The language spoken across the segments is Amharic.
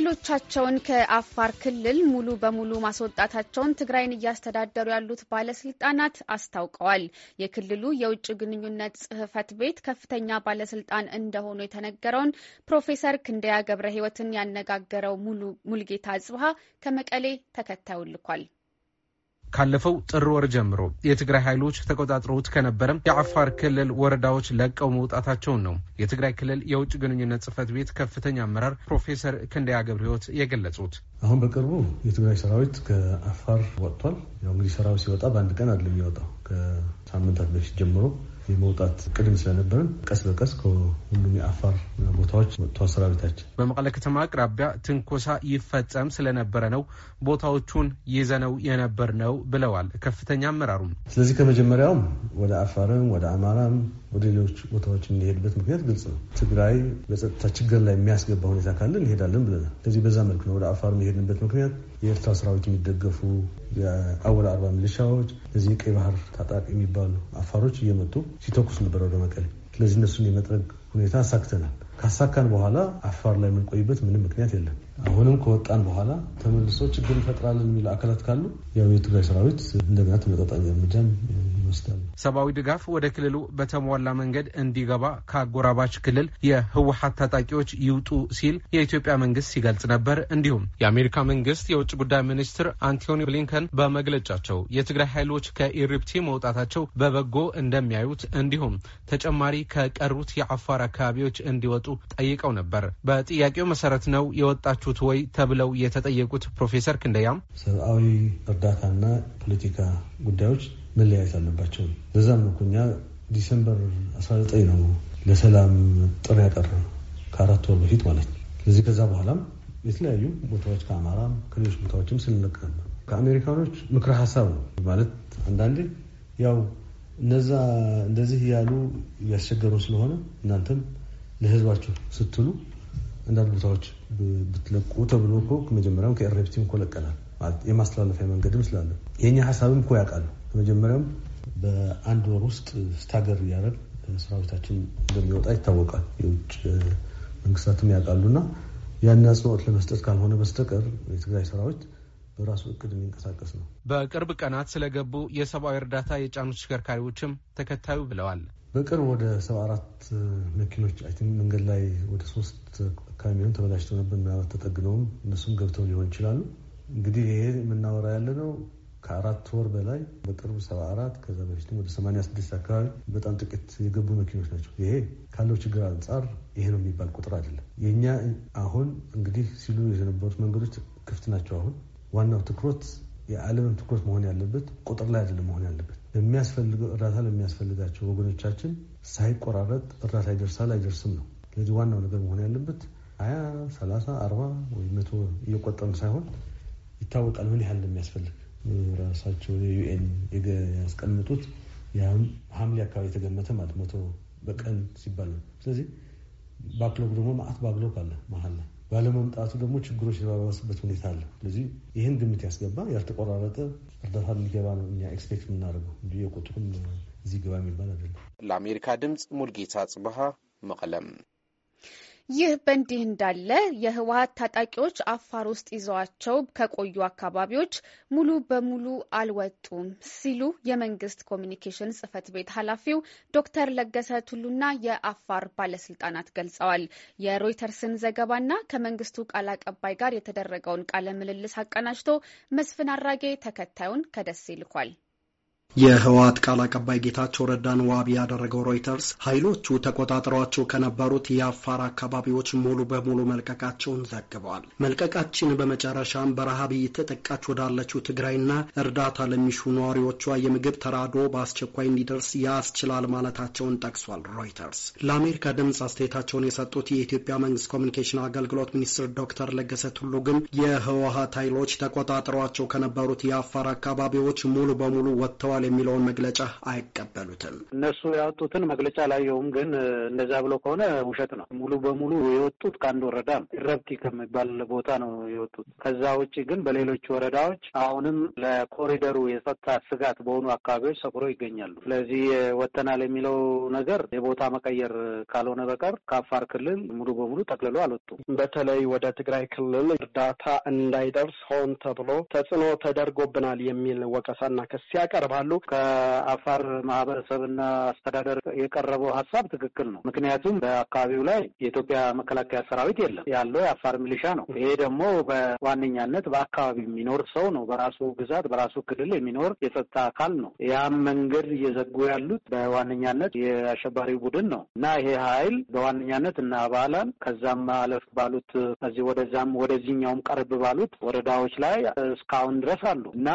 ኃይሎቻቸውን ከአፋር ክልል ሙሉ በሙሉ ማስወጣታቸውን ትግራይን እያስተዳደሩ ያሉት ባለስልጣናት አስታውቀዋል። የክልሉ የውጭ ግንኙነት ጽህፈት ቤት ከፍተኛ ባለስልጣን እንደሆኑ የተነገረውን ፕሮፌሰር ክንደያ ገብረ ህይወትን ያነጋገረው ሙሉ ሙልጌታ አጽብሃ ከመቀሌ ተከታዩ ልኳል። ካለፈው ጥር ወር ጀምሮ የትግራይ ኃይሎች ተቆጣጥረውት ከነበረ የአፋር ክልል ወረዳዎች ለቀው መውጣታቸውን ነው የትግራይ ክልል የውጭ ግንኙነት ጽህፈት ቤት ከፍተኛ አመራር ፕሮፌሰር ክንደያ ገብረ ሕይወት የገለጹት። አሁን በቅርቡ የትግራይ ሰራዊት ከአፋር ወጥቷል። ያው እንግዲህ ሰራዊት ሲወጣ በአንድ ቀን አይደለም የሚወጣው ከሳምንታት በፊት ጀምሮ የመውጣት ቅድም ስለነበረን ቀስ በቀስ ከሁሉም የአፋር ቦታዎች ወጥቷል ሰራዊታችን። በመቀለ ከተማ አቅራቢያ ትንኮሳ ይፈጸም ስለነበረ ነው ቦታዎቹን ይዘነው የነበር ነው ብለዋል ከፍተኛ አመራሩም። ስለዚህ ከመጀመሪያውም ወደ አፋርም ወደ አማራም ወደ ሌሎች ቦታዎች እንሄድበት ምክንያት ግልጽ ነው። ትግራይ በጸጥታ ችግር ላይ የሚያስገባ ሁኔታ ካለ እንሄዳለን ብለናል። ስለዚህ በዛ መልክ ነው ወደ አፋር የሄድንበት ምክንያት የኤርትራ ሰራዊት የሚደገፉ የአወል አርባ ሚሊሻዎች እዚህ ቀይ ባህር ታጣቂ የሚባሉ አፋሮች እየመጡ ሲተኩስ ነበረ ወደ መቀሌ። ስለዚህ እነሱን የመጥረግ ሁኔታ አሳክተናል። ካሳካን በኋላ አፋር ላይ የምንቆይበት ምንም ምክንያት የለም። አሁንም ከወጣን በኋላ ተመልሶ ችግር እንፈጥራለን የሚል አካላት ካሉ ያው የትግራይ ሰራዊት እንደገና ተመጣጣኝ እርምጃም ይመስላል። ሰብአዊ ድጋፍ ወደ ክልሉ በተሟላ መንገድ እንዲገባ ከአጎራባች ክልል የህወሀት ታጣቂዎች ይውጡ ሲል የኢትዮጵያ መንግስት ሲገልጽ ነበር። እንዲሁም የአሜሪካ መንግስት የውጭ ጉዳይ ሚኒስትር አንቶኒ ብሊንከን በመግለጫቸው የትግራይ ኃይሎች ከኢሪፕቲ መውጣታቸው በበጎ እንደሚያዩት እንዲሁም ተጨማሪ ከቀሩት የአፋር አካባቢዎች እንዲወጡ ጠይቀው ነበር። በጥያቄው መሰረት ነው የወጣችሁት ወይ ተብለው የተጠየቁት ፕሮፌሰር ክንደያም ሰብአዊ እርዳታና ፖለቲካ ጉዳዮች መለያየት አለባቸው። ለዛም ነው እኛ ዲሰምበር 19 ነው ለሰላም ጥሪ ያቀረብነው ከአራት ወር በፊት ማለት ነው። ስለዚህ ከዛ በኋላም የተለያዩ ቦታዎች ከአማራም ከሌሎች ቦታዎችም ስንለቅ ነበር። ከአሜሪካኖች ምክረ ሀሳብ ነው ማለት አንዳንዴ ያው እነዛ እንደዚህ ያሉ እያስቸገሩ ስለሆነ እናንተም ለህዝባችሁ ስትሉ አንዳንድ ቦታዎች ብትለቁ ተብሎ መጀመሪያም ከኤርፕቲም እኮ ለቀናል። የማስተላለፊያ መንገድም ስላለ የኛ ሀሳብም እኮ ያውቃሉ። መጀመሪያም በአንድ ወር ውስጥ ስታገር እያደረግ ሰራዊታችን እንደሚወጣ ይታወቃል። የውጭ መንግስታትም ያውቃሉና ያን አጽንኦት ለመስጠት ካልሆነ በስተቀር የትግራይ ሰራዊት በራሱ እቅድ የሚንቀሳቀስ ነው። በቅርብ ቀናት ስለገቡ የሰብአዊ እርዳታ የጫኑ ተሽከርካሪዎችም ተከታዩ ብለዋል። በቅርብ ወደ ሰባ አራት መኪኖች አይ ቲንክ መንገድ ላይ ወደ ሶስት ካሚዮን ተበላሽተው ነበር ምናልባት ተጠግነውም እነሱም ገብተው ሊሆን ይችላሉ። እንግዲህ ይሄ የምናወራ ያለ ነው ከአራት ወር በላይ በቅርብ ሰባ አራት ከዛ በፊትም ወደ ሰማንያ ስድስት አካባቢ በጣም ጥቂት የገቡ መኪኖች ናቸው። ይሄ ካለው ችግር አንጻር ይሄ ነው የሚባል ቁጥር አይደለም። የእኛ አሁን እንግዲህ ሲሉ የነበሩት መንገዶች ክፍት ናቸው። አሁን ዋናው ትኩረት የዓለምም ትኩረት መሆን ያለበት ቁጥር ላይ አይደለም መሆን ያለበት የሚያስፈልገው እርዳታ ለሚያስፈልጋቸው ወገኖቻችን ሳይቆራረጥ እርዳታ ይደርሳል አይደርስም ነው። ስለዚህ ዋናው ነገር መሆን ያለበት ሀያ ሰላሳ አርባ ወይ መቶ እየቆጠርን ሳይሆን ይታወቃል ምን ያህል እንደሚያስፈልግ ራሳቸው የዩኤን ያስቀምጡት ሐምሌ አካባቢ የተገመተ ማለት መቶ በቀን ሲባል ነው። ስለዚህ ባክሎግ ደግሞ ማአት ባክሎግ አለ መሀል ላይ ባለመምጣቱ ደግሞ ችግሮች የተባባሱበት ሁኔታ አለ። ስለዚህ ይህን ግምት ያስገባ ያልተቆራረጠ እርዳታ የሚገባ ነው እኛ ኤክስፔክት የምናደርገው እንጂ የቁጥሩም እዚህ ግባ የሚባል አይደለም። ለአሜሪካ ድምፅ ሙልጌታ ጽብሃ መቀለም ይህ በእንዲህ እንዳለ የህወሀት ታጣቂዎች አፋር ውስጥ ይዘዋቸው ከቆዩ አካባቢዎች ሙሉ በሙሉ አልወጡም ሲሉ የመንግስት ኮሚኒኬሽን ጽህፈት ቤት ኃላፊው ዶክተር ለገሰ ቱሉና የአፋር ባለስልጣናት ገልጸዋል። የሮይተርስን ዘገባና ከመንግስቱ ቃል አቀባይ ጋር የተደረገውን ቃለ ምልልስ አቀናጅቶ መስፍን አራጌ ተከታዩን ከደሴ ይልኳል። የህወሓት ቃል አቀባይ ጌታቸው ረዳን ዋቢ ያደረገው ሮይተርስ ኃይሎቹ ተቆጣጥሯቸው ከነበሩት የአፋር አካባቢዎች ሙሉ በሙሉ መልቀቃቸውን ዘግበዋል። መልቀቃችን በመጨረሻም በረሃብ እየተጠቃች ወዳለችው ትግራይና እርዳታ ለሚሹ ነዋሪዎቿ የምግብ ተራድኦ በአስቸኳይ እንዲደርስ ያስችላል ማለታቸውን ጠቅሷል። ሮይተርስ ለአሜሪካ ድምፅ አስተያየታቸውን የሰጡት የኢትዮጵያ መንግስት ኮሚኒኬሽን አገልግሎት ሚኒስትር ዶክተር ለገሰ ቱሉ ግን የህወሀት ኃይሎች ተቆጣጥሯቸው ከነበሩት የአፋር አካባቢዎች ሙሉ በሙሉ ወጥተዋል ተሰጥቷል የሚለውን መግለጫ አይቀበሉትም። እነሱ ያወጡትን መግለጫ አላየውም፣ ግን እንደዛ ብለው ከሆነ ውሸት ነው። ሙሉ በሙሉ የወጡት ከአንድ ወረዳ ነው፣ ረብቲ ከሚባል ቦታ ነው የወጡት። ከዛ ውጭ ግን በሌሎች ወረዳዎች አሁንም ለኮሪደሩ የጸጥታ ስጋት በሆኑ አካባቢዎች ሰፍረው ይገኛሉ። ስለዚህ ወጥተናል የሚለው ነገር የቦታ መቀየር ካልሆነ በቀር ከአፋር ክልል ሙሉ በሙሉ ጠቅልሎ አልወጡም። በተለይ ወደ ትግራይ ክልል እርዳታ እንዳይደርስ ሆን ተብሎ ተጽዕኖ ተደርጎብናል የሚል ወቀሳና ክስ ያቀርባሉ። ሁሉ ከአፋር ማህበረሰብና አስተዳደር የቀረበው ሀሳብ ትክክል ነው። ምክንያቱም በአካባቢው ላይ የኢትዮጵያ መከላከያ ሰራዊት የለም፣ ያለው የአፋር ሚሊሻ ነው። ይሄ ደግሞ በዋነኛነት በአካባቢ የሚኖር ሰው ነው፣ በራሱ ግዛት በራሱ ክልል የሚኖር የጸጥታ አካል ነው። ያም መንገድ እየዘጉ ያሉት በዋነኛነት የአሸባሪ ቡድን ነው እና ይሄ ኃይል በዋነኛነት እና አባላን ከዛም አለፍ ባሉት ከዚህ ወደዛም ወደዚህኛውም ቀርብ ባሉት ወረዳዎች ላይ እስካሁን ድረስ አሉ እና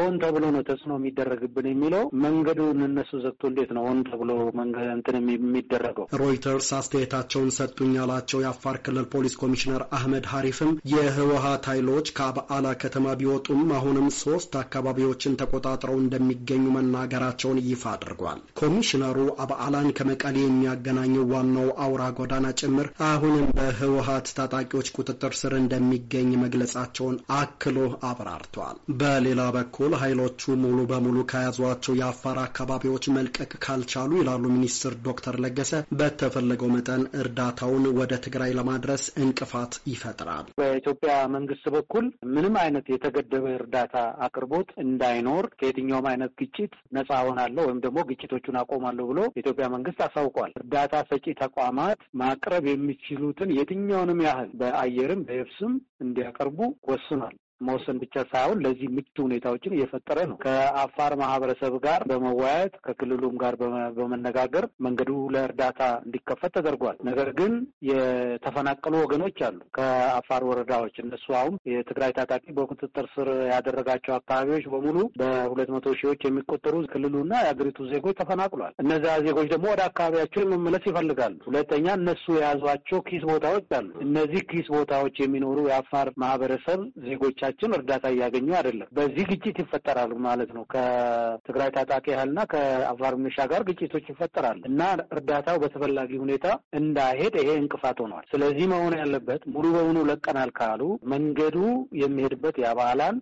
ሆን ተብሎ ነው ተጽዕኖ የሚደ ይደረግብን የሚለው መንገዱን እነሱ ዘግቶ እንዴት ነው ሆን ተብሎ መንገድ እንትን የሚደረገው? ሮይተርስ አስተያየታቸውን ሰጡኝ ያላቸው የአፋር ክልል ፖሊስ ኮሚሽነር አህመድ ሀሪፍም የህወሀት ኃይሎች ከአበዓላ ከተማ ቢወጡም አሁንም ሶስት አካባቢዎችን ተቆጣጥረው እንደሚገኙ መናገራቸውን ይፋ አድርጓል። ኮሚሽነሩ አበዓላን ከመቀሌ የሚያገናኘው ዋናው አውራ ጎዳና ጭምር አሁንም በህወሀት ታጣቂዎች ቁጥጥር ስር እንደሚገኝ መግለጻቸውን አክሎ አብራርተዋል። በሌላ በኩል ኃይሎቹ ሙሉ በሙሉ በሙሉ ከያዟቸው የአፋር አካባቢዎች መልቀቅ ካልቻሉ ይላሉ ሚኒስትር ዶክተር ለገሰ በተፈለገው መጠን እርዳታውን ወደ ትግራይ ለማድረስ እንቅፋት ይፈጥራል። በኢትዮጵያ መንግስት በኩል ምንም አይነት የተገደበ እርዳታ አቅርቦት እንዳይኖር ከየትኛውም አይነት ግጭት ነጻ ሆናለሁ ወይም ደግሞ ግጭቶቹን አቆማለሁ ብሎ የኢትዮጵያ መንግስት አሳውቋል። እርዳታ ሰጪ ተቋማት ማቅረብ የሚችሉትን የትኛውንም ያህል በአየርም በየብስም እንዲያቀርቡ ወስኗል። መወሰን ብቻ ሳይሆን ለዚህ ምቹ ሁኔታዎችን እየፈጠረ ነው። ከአፋር ማህበረሰብ ጋር በመወያየት ከክልሉም ጋር በመነጋገር መንገዱ ለእርዳታ እንዲከፈት ተደርጓል። ነገር ግን የተፈናቀሉ ወገኖች አሉ። ከአፋር ወረዳዎች እነሱ አሁን የትግራይ ታጣቂ በቁጥጥር ስር ያደረጋቸው አካባቢዎች በሙሉ በሁለት መቶ ሺዎች የሚቆጠሩ ክልሉና የአገሪቱ ዜጎች ተፈናቅሏል። እነዚያ ዜጎች ደግሞ ወደ አካባቢያቸው መመለስ ይፈልጋሉ። ሁለተኛ እነሱ የያዟቸው ኪስ ቦታዎች አሉ። እነዚህ ኪስ ቦታዎች የሚኖሩ የአፋር ማህበረሰብ ዜጎች ወገኖቻችን እርዳታ እያገኙ አይደለም። በዚህ ግጭት ይፈጠራሉ ማለት ነው። ከትግራይ ታጣቂ ያህልና ከአፋር ሚሊሻ ጋር ግጭቶች ይፈጠራሉ እና እርዳታው በተፈላጊ ሁኔታ እንዳይሄድ ይሄ እንቅፋት ሆኗል። ስለዚህ መሆን ያለበት ሙሉ በሙሉ ለቀናል ካሉ መንገዱ የሚሄድበት የአባላን፣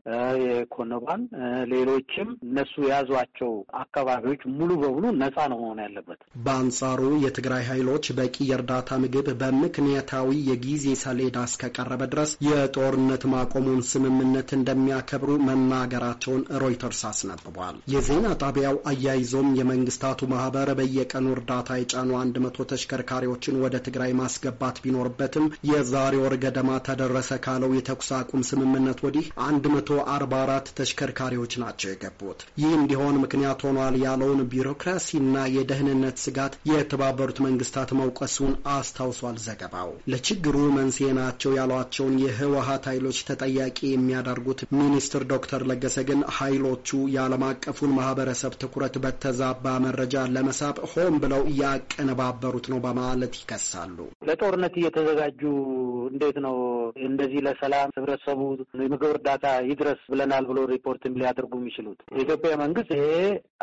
የኮነባን፣ ሌሎችም እነሱ የያዟቸው አካባቢዎች ሙሉ በሙሉ ነፃ ነው መሆን ያለበት። በአንጻሩ የትግራይ ኃይሎች በቂ የእርዳታ ምግብ በምክንያታዊ የጊዜ ሰሌዳ እስከቀረበ ድረስ የጦርነት ማቆሙን ስምም ስምምነት እንደሚያከብሩ መናገራቸውን ሮይተርስ አስነብቧል። የዜና ጣቢያው አያይዞም የመንግስታቱ ማህበር በየቀኑ እርዳታ የጫኑ አንድ መቶ ተሽከርካሪዎችን ወደ ትግራይ ማስገባት ቢኖርበትም የዛሬ ወር ገደማ ተደረሰ ካለው የተኩስ አቁም ስምምነት ወዲህ 144 ተሽከርካሪዎች ናቸው የገቡት። ይህ እንዲሆን ምክንያት ሆኗል ያለውን ቢሮክራሲና የደህንነት ስጋት የተባበሩት መንግስታት መውቀሱን አስታውሷል ዘገባው። ለችግሩ መንስኤ ናቸው ያሏቸውን የህወሀት ኃይሎች ተጠያቂ የሚያደርጉት ሚኒስትር ዶክተር ለገሰ ግን ኃይሎቹ የዓለም አቀፉን ማህበረሰብ ትኩረት በተዛባ መረጃ ለመሳብ ሆን ብለው እያቀነባበሩት ነው በማለት ይከሳሉ። ለጦርነት እየተዘጋጁ እንዴት ነው እንደዚህ ለሰላም ህብረተሰቡ የምግብ እርዳታ ይድረስ ብለናል ብሎ ሪፖርትም ሊያደርጉ የሚችሉት? የኢትዮጵያ መንግስት ይሄ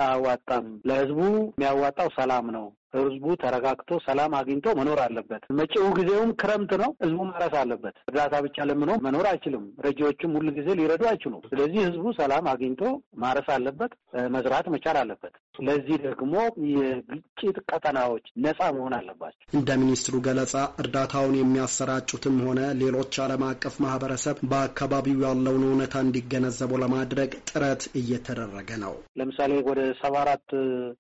አያዋጣም፣ ለህዝቡ የሚያዋጣው ሰላም ነው ህዝቡ ተረጋግቶ ሰላም አግኝቶ መኖር አለበት። መጪው ጊዜውም ክረምት ነው። ህዝቡ ማረስ አለበት። እርዳታ ብቻ ለምኖ መኖር አይችልም። ረጂዎቹም ሁሉ ጊዜ ሊረዱ አይችሉም። ስለዚህ ህዝቡ ሰላም አግኝቶ ማረስ አለበት፣ መስራት መቻል አለበት። ለዚህ ደግሞ የግጭት ቀጠናዎች ነጻ መሆን አለባቸው። እንደ ሚኒስትሩ ገለጻ እርዳታውን የሚያሰራጩትም ሆነ ሌሎች ዓለም አቀፍ ማህበረሰብ በአካባቢው ያለውን እውነታ እንዲገነዘቡ ለማድረግ ጥረት እየተደረገ ነው። ለምሳሌ ወደ ሰባ አራት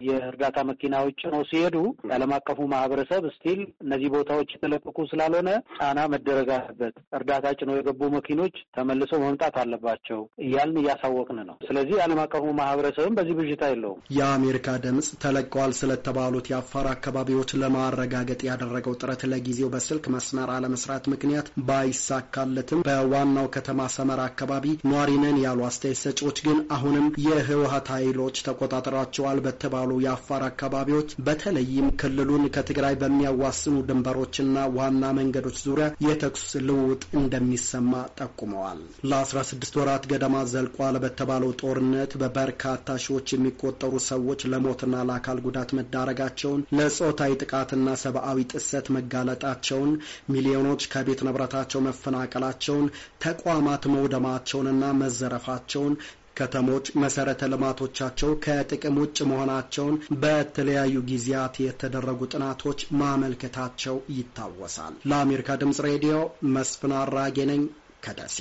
የእርዳታ መኪናዎች ነው ሲሄዱ የዓለም አቀፉ ማህበረሰብ ስቲል እነዚህ ቦታዎች የተለቀቁ ስላልሆነ ጫና መደረግ አለበት። እርዳታ ጭነው የገቡ መኪኖች ተመልሰው መምጣት አለባቸው እያልን እያሳወቅን ነው። ስለዚህ የዓለም አቀፉ ማህበረሰብም በዚህ ብዥታ የለውም። የአሜሪካ ድምፅ ተለቀዋል ስለተባሉት የአፋር አካባቢዎች ለማረጋገጥ ያደረገው ጥረት ለጊዜው በስልክ መስመር አለመስራት ምክንያት ባይሳካለትም በዋናው ከተማ ሰመራ አካባቢ ኗሪ ነን ያሉ አስተያየት ሰጪዎች ግን አሁንም የህወሀት ኃይሎች ተቆጣጥሯቸዋል በተባሉ የአፋር አካባቢዎች በተለይም ክልሉን ከትግራይ በሚያዋስኑ ድንበሮችና ዋና መንገዶች ዙሪያ የተኩስ ልውውጥ እንደሚሰማ ጠቁመዋል። ለ16 ወራት ገደማ ዘልቋል በተባለው ጦርነት በበርካታ ሺዎች የሚቆጠሩ ሰዎች ሴቶች ለሞትና ለአካል ጉዳት መዳረጋቸውን፣ ለጾታዊ ጥቃትና ሰብአዊ ጥሰት መጋለጣቸውን፣ ሚሊዮኖች ከቤት ንብረታቸው መፈናቀላቸውን፣ ተቋማት መውደማቸውንና መዘረፋቸውን ከተሞች መሰረተ ልማቶቻቸው ከጥቅም ውጭ መሆናቸውን በተለያዩ ጊዜያት የተደረጉ ጥናቶች ማመልከታቸው ይታወሳል። ለአሜሪካ ድምጽ ሬዲዮ መስፍን አራጌ ነኝ ከደሴ።